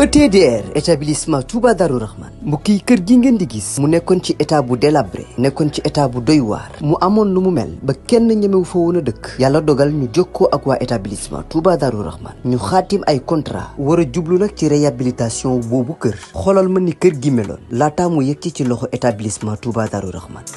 ETDR établissement Touba Darou Rahman mbokk yi kër gi ngeen di gis mu nekkoon ci état bu délabré nekkoon ci état bu doy mu amoon lu mu mel ba kenn ñemewu fa woon a dëkk yàlla dogal ñu ko ak waa établissement Touba Darou Rahman ñu xaatim ay contrat war a jublu nag ci réhabilitation boobu kër xoolal ma ni kër gi meloon laataa mu yëg ci ci loxo établissement Touba Darou Rahman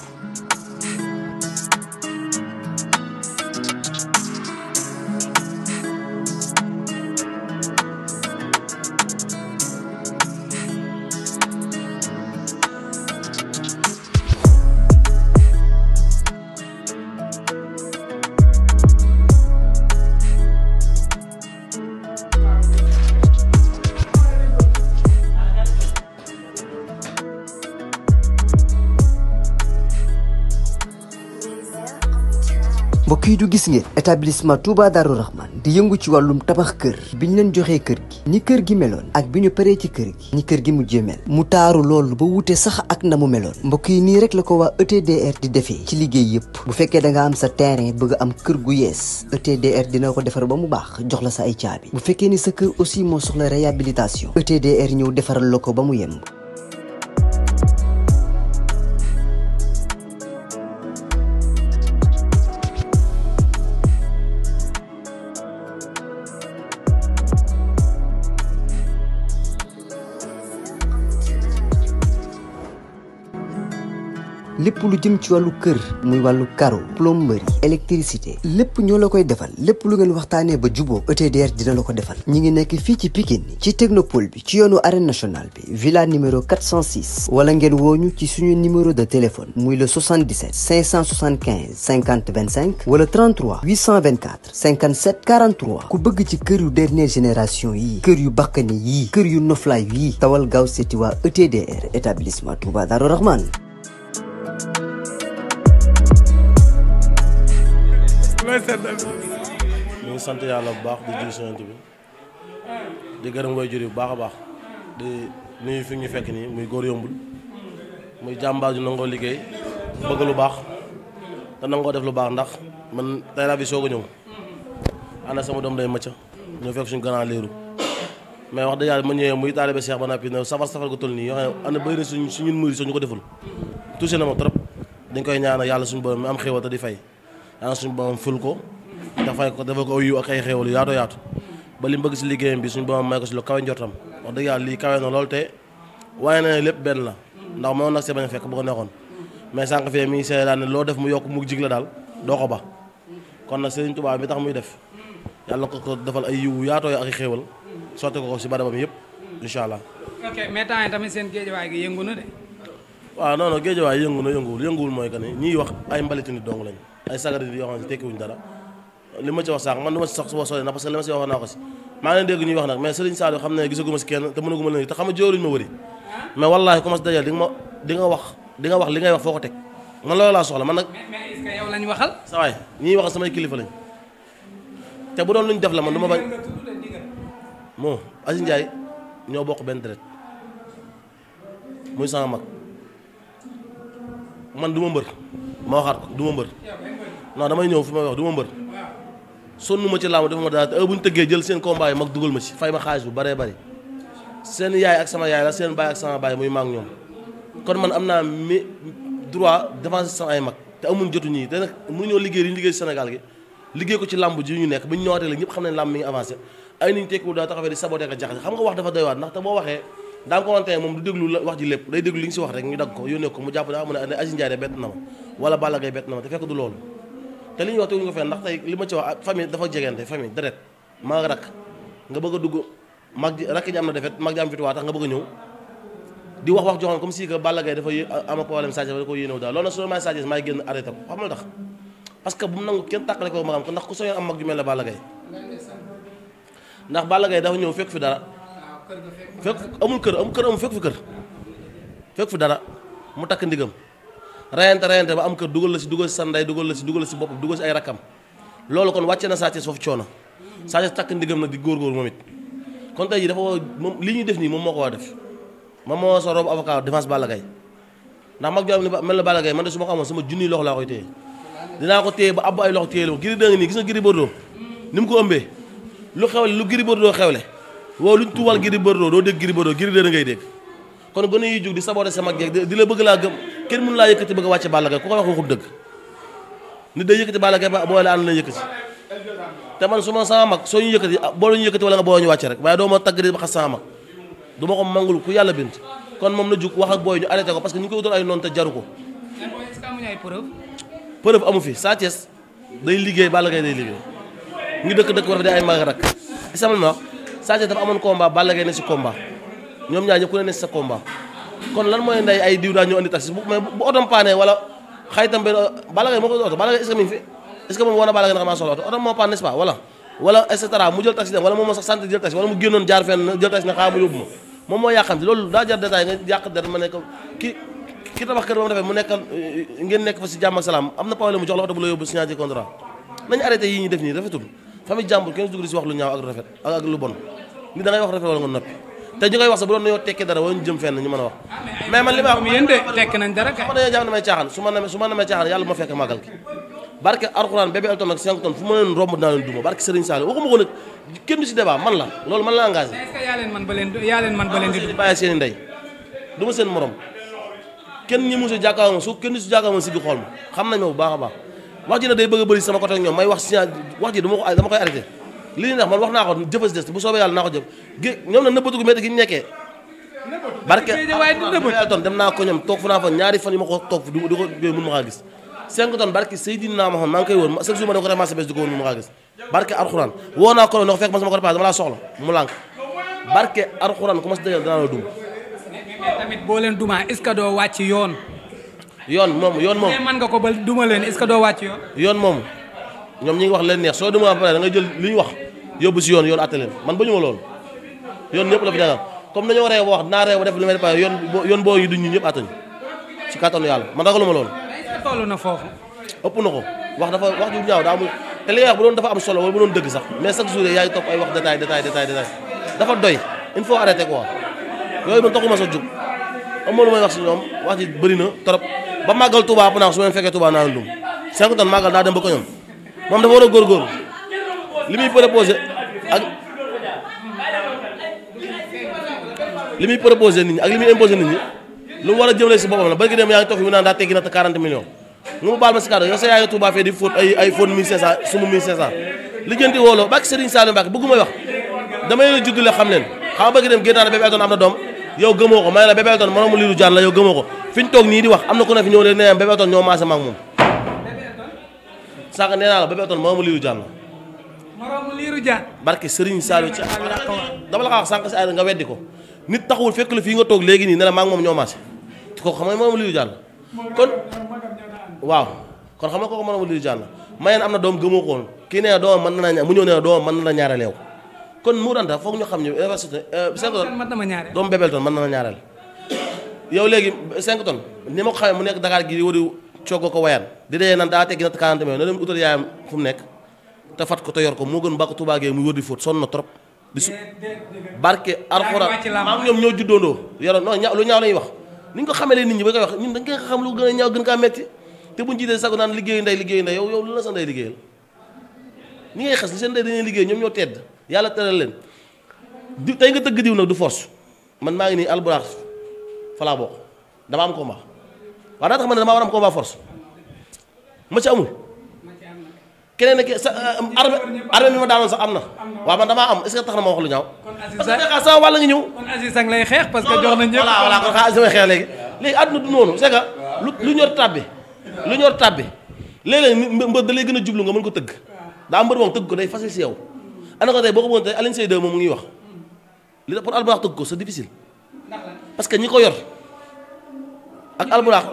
mbokk yi du gis ngeen établissement Touba Darou Rahman di yëngu ci wàllum tabax kër bi ñu leen joxee kër gi ni kër gi meloon ak bi ñu paree ci kër gi ni kër gi mujjee mel mu taaru loolu ba wute sax ak na mu meloon mbokk yi nii rek la ko waa ETDR di defee ci liggéey yëpp bu fekkee da nga am sa terrain bëgg am kër gu yees ETDR dina ko defar ba mu baax jox la sa ay caabi bu fekkee ni sa kër aussi moo soxla réhabilitation ETDR ñëw defaral la ko ba mu yemb lépp lu jëm ci wàllu kër muy wàllu carreau plomberie électricité lépp ñoo la koy defal lépp lu ngeen waxtaanee ba juboo ETDR dina la ko defal ñi ngi nekk fii ci Pikine ci technopole bi ci yoonu arène nationale bi villa numéro 406 wala ngeen wooñu ci suñu numéro de téléphone muy le 77 575 50 25 wala 33 824 57 43 ku bëgg ci kër yu dernière génération yi kër yu bakkani yi kër yu fly yi tawal gaaw seeti waa ETDR établissement Touba Darou Rahman nooy seet ak. ñu ngi sant yàlla bu baax di jiw sant bi di gërëm a baax di nuyu fi ñu fekk nii muy góor yombul muy jàmbaar ju nangoo liggéey bëgg lu baax te nangoo def lu baax ndax man tey laa bi soog a ñëw ànd sama doom day macca ñoo fekk suñu grand léeru mais wax dëgg yàlla ma ñëwee muy taalibe Cheikh ba noppi ne safar safar gu toll nii yoo na am yàlla suñu borom ful ko dafay ko dafa ko aw ak ay xéewal yaatu yaatu ba li mu bëgg si liggéeyam bi suñ borom may ko si lu kawe njortam wax dëgg yàlla lii kawe na lool te waaye na lépp benn la ndax moo nag see bañ a fekk bu ko neexoon mais sànq fee mi seede daal ne loo def mu yokk mu jig la daal doo ko ba kon nag Serigne Touba bi tax muy def yàlla ko ko defal ay yiwu yaatooyo ak i xéewal sotti ko ko si barabam yëpp incha allah. ok mais temps yi tamit seen géejawaay gi yëngu na de. yënguwul mooy que ni wax ay mbalitu nit dong lañ ay sagar yoo xam tekki wuñ dara lima ma ci wax sax man du ma sax so ma na parce que lima ci wax na ko ci ma ngi deg ñuy wax nak mais Serigne Saliou xam ne gisaguma si kenn te mënaguma leen te xama nga jóoruñ ma wëri mais wallahi ko ma ci dajal di nga di nga wax di nga wax li ngay wax foko tek man loolu la soxla man nak mais est-ce que yow lañ waxal. sa way ñi wax sama kilifa lañ te bu doon luñ def la man duma bañ. mo Aziz Ndiaye ño bokk ben dret muy sama mak man duma mbeur ma waxaat ko non damay ñëw fi may wax du ma mbër sonn ma ci laamu dafa ma daal heure bu ñu tëggee jël seen combat yi mag dugal ma ci fay ma xaalis bu bare bëri seen yaay ak sama yaay la seen baay ak sama baay muy maak ñoom kon man am naa mi droit défense sama ay mag te amuñ jotu ñii te nag mënuñoo liggéey li ñu liggéey Sénégal gi liggéey ko ci làmb ji ñu nekk bu ñu ñëwaatee la ñëpp xam ne làmb nga wax dafa doy waat ndax te boo waxee daa nga ko wante moom du déglu wax ji lépp day déglu si wax rek ñu dagg ko yónnee ko mu jàpp daa ah, xam ne Aziz Ndiaye bett na ma wala Balla te li ñuy wax teguñu ko fenn ndax tay lima ci wax ah famille dafa jegante famille deret maa rak nga bëgg a dugg mag rak ji na défet mag ji am victoire tax nga bëgg a ñëw di wax wax joxon comme si que Balla gay dafa am problème sadjé da ko yéenew da loolu nag su ma Sa Thiès maay arrêté ko xamal tax parce que bu mu nangu kenn takalé ko magam ko ndax ku soñoon am mag ju mel ne Balla gay ndax Balla gay dafa ñëw fekk fi dara fekk amul kër am kër am fekk fi kër fekk fi dara mu tak ndigam rayante rayante ba am kër dugal la si dugal si sanday dugal la si dugal la si boppam dugal si ay rakkam loolu kon wàcce na Sa Thiès foofu coono Sa Thiès takk ndigam nag di góorgóorlu moom it kon tey jii dafa war moom li ñuy def nii moom moo ko war a def moom moo sa robu avocat défense Balla Gaye ndax mag joo am ne mel na Balla Gaye man de su ma ko amoon sama junniy loxo laa koy téye dinaa ko téye ba abbu ay loxo téye la ko giri dëng nii gis nga ko ëmbee lu xewle lu giri Bordeaux xewle woo luñ tuubal giri Bordeaux doo dégg giri Bordeaux giri dëng ngay dégg kon gën a yuy jóg di saboté sa bëgg laa gëm kenn mënu la yëkëti bëgg wacc wàcce Balla Gaye ku ko wax waxul dëgg ni day yëkëti Balla ba ah, boo la ànd la yëkëti té man suma sama mak soñu yëkëti bo boo yëkëti wala nga boo ñu wàcce rek waye do mo tagri ba xas mak duma ko mangul ku yalla bint kon mom la juk wax ak boy ñu arrêté ko parce que ñu ko wutul ay non te jaruko preuve amu fi Sa ties day liggéey Balla Gaye day liggéey ñu dëkk dëkk war fa di ay mag rak isamul no Sa ties dafa amoon combat Balla Gaye ne combat ñom ñaan ñu ku ne ci sa combat kon lan mooy nday ay diw daa ñu andi taxi bu mais bu otom paane wala xayitam benn Balla Gaye moo ko oto Balla Gaye est fi est-ce que moom na Balla na xam naa soxla oto otom moo paan n'est-ce pas mu jël taxi dem xaa mu yóbbu ma moom moo yàqamti loolu daa jar détail nga yàq der ma ne ki ki tabax kër ba mu mu nekkal euh, ngeen nekk fa si jàmm ak salaam am na problème mu jox la oto bu la yóbbu signé contrat nañu arrêté yii ñuy def nii rafetul te ñu koy wax sax bu doon nuyoo tekki dara waruñu jëm fenn ñu mën a wax mais man li ma wax yéen de tekki nañ dara kay ma dañoo jàpp ne leen romb si du ah, ma seen morom kenn ñi musu jàkkaarloo su kenn si jàkkaarloo si gi xool ma xam nañ ma bu baax a baax wax ji na day bëgg a bëri sama côté ñoom may wax si wax ji dama ko dama koy arrêté li ñuy wax man wax naa ko jëfas des bu soobee yàlla naa ko jëf gi ñoom na nëbbatu gu métti gi nekkee barke tonne dem naa ko ñoom toog naa fa ñaari fan yu ma ko toog di ko yooyu mun ma kaa gis cinq tonnes barke Seydina Muhammad maa ngi koy ko ramassé bés di fekk ma sama ko repassé dama laa soxla mu lànk barke alxuraan ku ma si dëggal danaa la dum mais tamit boo leen dumaa est-ce que doo wàcc yoon yoon moom yoon moom mën nga ko ba duma leen est yoon moom ñom ñi wax leen neex so demee paré da nga jël li wax yobu ci yoon yoon atte man bañuma lool yoon ñëpp la fi dagal comme dañu reew wax na reew def lu mel def yoon yoon bo yu duñ ñu ñëpp attañ ci kàttanu yalla man ragaluma loolu toll na fofu ëpp nako wax dafa wax ju ñaaw da mu té li wax bu doon dafa am solo bu doon dëgg sax mais chaque jour yaay top ay wax détail détail détail détail dafa doy il faut arrêter quoi yoy man taxuma sa juk amul may wax ci ñom wax ci bari na torop ba magal Touba pnaa su ma leen Touba na lum cinq tonnes màggal daa dem ba ko ñom moom dafa war a góor li li muy proposé nit ñi ak li muy imposé nit ñi lu war a jëmale si boppam la barki dem yaa ngi toog fi mu naan daa teggi na te 40 mu baal ma si kàddu yow sa yaay Touba fee di fóot ay ay fóot 1500 sumu 1500 li jënti wooloo bàkk Serigne Saliou Mbacke bëggu may wax damay la juddle xam leen xam nga barki dem génn naa am na doom yow gëmoo ko ne la Bébé Elton mënoo mu liiru jaar la yow gëmoo ko fi ñu toog nii di wax na ku ne fi ñëw saka nee naa la Bébé Elton moroomu Lirou Diane la. moroomu Lirou Diane. barke Serigne Saliou ci dama la wax sank ci ay nga weddi ko nit taxul fekk lu fi nga tok legui ni ne la maa mom moom ñoo maase ko xam nga moroomu liru Diane kon waaw kon xam nga ko moroomu Lirou Diane la mayeen am na doom gëmoo ko woon kii nee na mu ñëw nee dom euh, man na la ñaareel kon mu ranta fokk ñu xam ñu université euh 5 tonnes dom bebel Elton man na ñaaral yow legui 5 ton ni ma ko mu nekk Dakar gi wori coggo ko wayan di nan daa teggi natt quarante millions no dem outal yaam fum nek ta fat ko to yor ko mo gën ba tuba ge mu wodi fot fóot na trop barke alquran maa ngi ñoo juddoondoo yaroon no ñaaw lu ñaaw lay wax ni nga ko xamalee nit ñi ba wax ñun da nga xam lu gëna a gën ka metti te buñ jiitee sagu nan liggéeyu nday liggéeyu nday yow yow lu la sa nday liggéeyal ni ngay xass ni seen dañuy liggéey ñom ñoo tedd yalla teral leen di nga tëgg diw nak du force man ma ngi ni alburax fala bok dama am combat waaw daa tax man dama damaa am combat force ma ci amul. keneen ak arme arme armée ma sax am wa man dama am est-ce tax na ma wax lu ñaw kon aziz sax wala nga ñew kon Aziz sax lay xex parce que jox na ñepp wala wala kon xaa Aziz may xeex legi léegi du nonu c'est que lu ñor tabbi lu ñor tabbi Lele léeg da lay gëna jublu nga mën ko teug da mbeur moom teug ko day facile ci yow. ana ko tey boko ko bëggoon tey Alioune mo mu ngi wax li pour alburax teug ko c'est difficile. parce que ñi ko yor ak alburax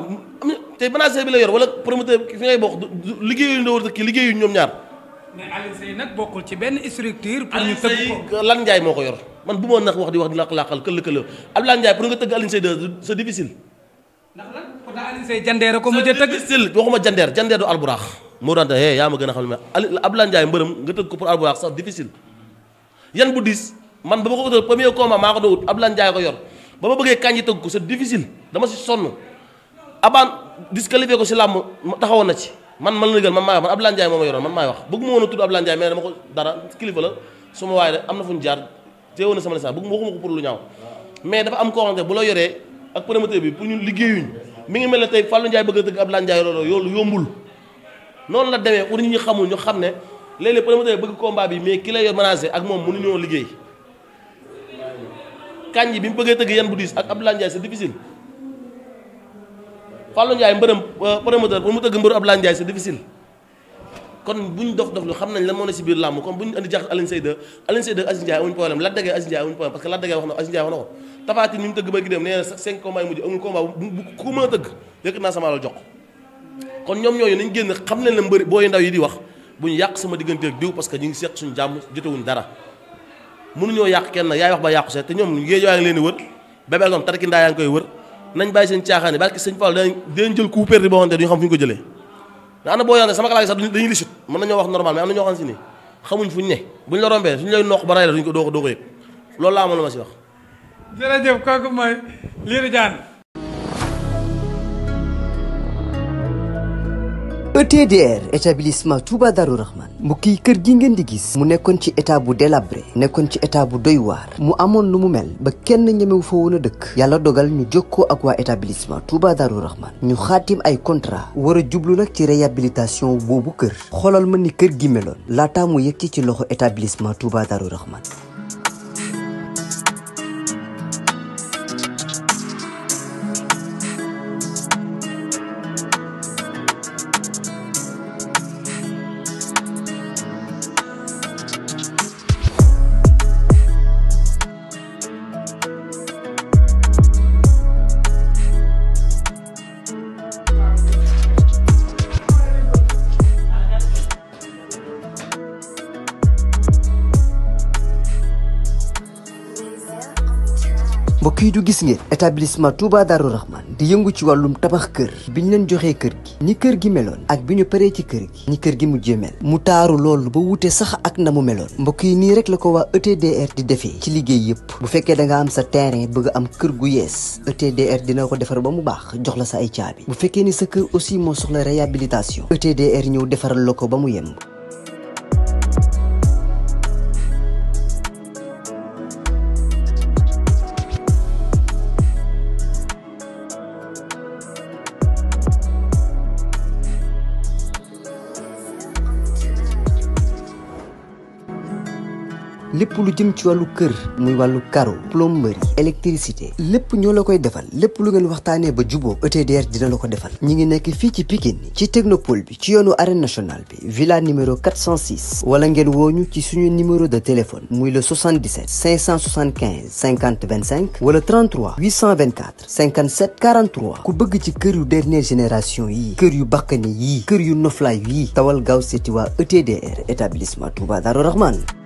te menacer bi la yor wala promoteur fi ngay bok bokk liggéeyu ndawar dëkk liggéeyu ñom ñaar. mais Alioune sey nak bokul ci ben structure. pour ñu tëgg ko lan Ndiaye moko yor man bu ma nax wax di wax di laq keul keul këll lan Ndiaye pour nga tëgg Alioune sey de c'est difficile. ndax lan ko da Alioune sey jander ko mu je tëgg. difficile waxuma jander jander du alburax mo ranta he ya ma gëna a xam ne Abdoulaye Ndiaye mbërëm nga tëgg ko pour alburax sax difficile. yan bu diis man bama ko utal premier combat mako do doon ut Abdoulaye Ndiaye ko yor bama beugé kanji kañ ko c'est difficile dama ci sonu aban disqualifié ko si làmb taxaw na ci man man la man ma wax man Abdoulaye Ndiaye moo ma man ma wax bëgg mo wona tuddu ablan Abdoulaye mais dama ko dara kilifa la suma way waaye am na jaar teewoon sama licence bëgg waxuma ko pour lu ñaaw mais dafa am ko xam bu la yoré ak promoteur bi pour ñu liggéeyuñ mi ngi mel tay fallu Fallou bëgg dëgg ablan Ndiaye loolu yool yombul non la demee pour nit ñi xamul ñu xamné ne promoteur bëgg combat bi mais ki lay yor manager ak mom mënu ñoo liggéey kanji bi mu bëggee dëgg yeen bu ak ablan Ndiaye c'est difficile fallu ndjay mbeureum promoteur pour mu teug mbeureu Abdoulaye ndjay c'est difficile kon buñ dof dof lu xam nañ lan moo ne ci bir lamb kon buñ andi jax Alioune Seye 2 Alioune Seye ndjay amuñ problème la dagay Guiers ndjay amuñ problème parce que la dagay waxna wax ndjay Aziz Ndiaye wax na ko Tapha Tine mi ba gi dem nee na cinq combats yi mujj combat bu ku ma teug yek na sama alal jox kon ñom ñoy nañ génn xam nañ la mbëri boy ndaw yi di wax buñ yàq sama digënté ak diw parce que ñu ngi sét suñu jamm jàmm wuñ dara mënu ñoo yàq kenn yaay wax ba yàqu sét te ñom géej waa ngi leen di wër bébé ngoom tarki ndaa yaa ngi koy wër nañ bàyyi seen caaxaan yi barke sëñ Fall danañ dinañ jël coup perdu boo duñu xam fu ñu ko jëlee ndax ana boo yoon sama kalaagi sax dañuy lisut mën nañoo wax normal mais am na ñoo xam si ni xamuñ fuñ ne buñ la rombee suñ lay noq ba la duñ ko doo ko doo ko yëg loolu laa amoon la ma si wax jërëjëf kooku mooy Lirou Diane ETDR établissement Touba Darou Rahman mbokki kër gi ngeen di gis mu nekkoon ci état bu délabré nekkoon ci état bu doy waar mu amoon lu mu mel ba kenn ñemewu fa woon a dëkk yàlla dogal ñu ko ak waa établissement Touba Darou Rahman ñu xaatim ay contrat war a jublu nag ci réhabilitation boobu kër xoolal ma ni kër gi meloon laataa mu yegg ci ci loxo établissement Touba Darou Rahman mbokk yi du gis ngeen établissement Touba Darou Rahman di yëngu ci wàllum tabax kër bi ñu leen joxee kër gi ni kër gi meloon ak bi ñu paree ci kër gi ni kër gi mujjee mel mu taaru loolu ba wute sax ak na mu meloon mbokk yi nii rek la ko waa ETDR di defee ci liggéey yépp bu fekkee da am sa terrain bëgg am kër gu yees ETDR dina ko defar ba mu baax jox la sa ay caabi bu fekkee ni sa kër aussi moo soxla réhabilitation ETDR ñëw defaral la ko ba mu yemb lépp lu jëm ci wàllu kër muy wàllu carreau plomberie électricité lépp ñoo la koy defal lépp lu ngeen waxtaanee ba juboo ETDR dina la ko defal ñi ngi nekk fii ci Pikine ci technopole bi ci yoonu arène nationale bi villa numéro 406 wala ngeen wooñu ci suñu numéro de téléphone muy le 77 575 50 25 wala 33 824 57 43 ku bëgg ci kër yu dernière génération yi kër yu bakkane yi kër yu noflaay yi tawal gaaw seeti waa ETDR établissement Touba Darou Rahman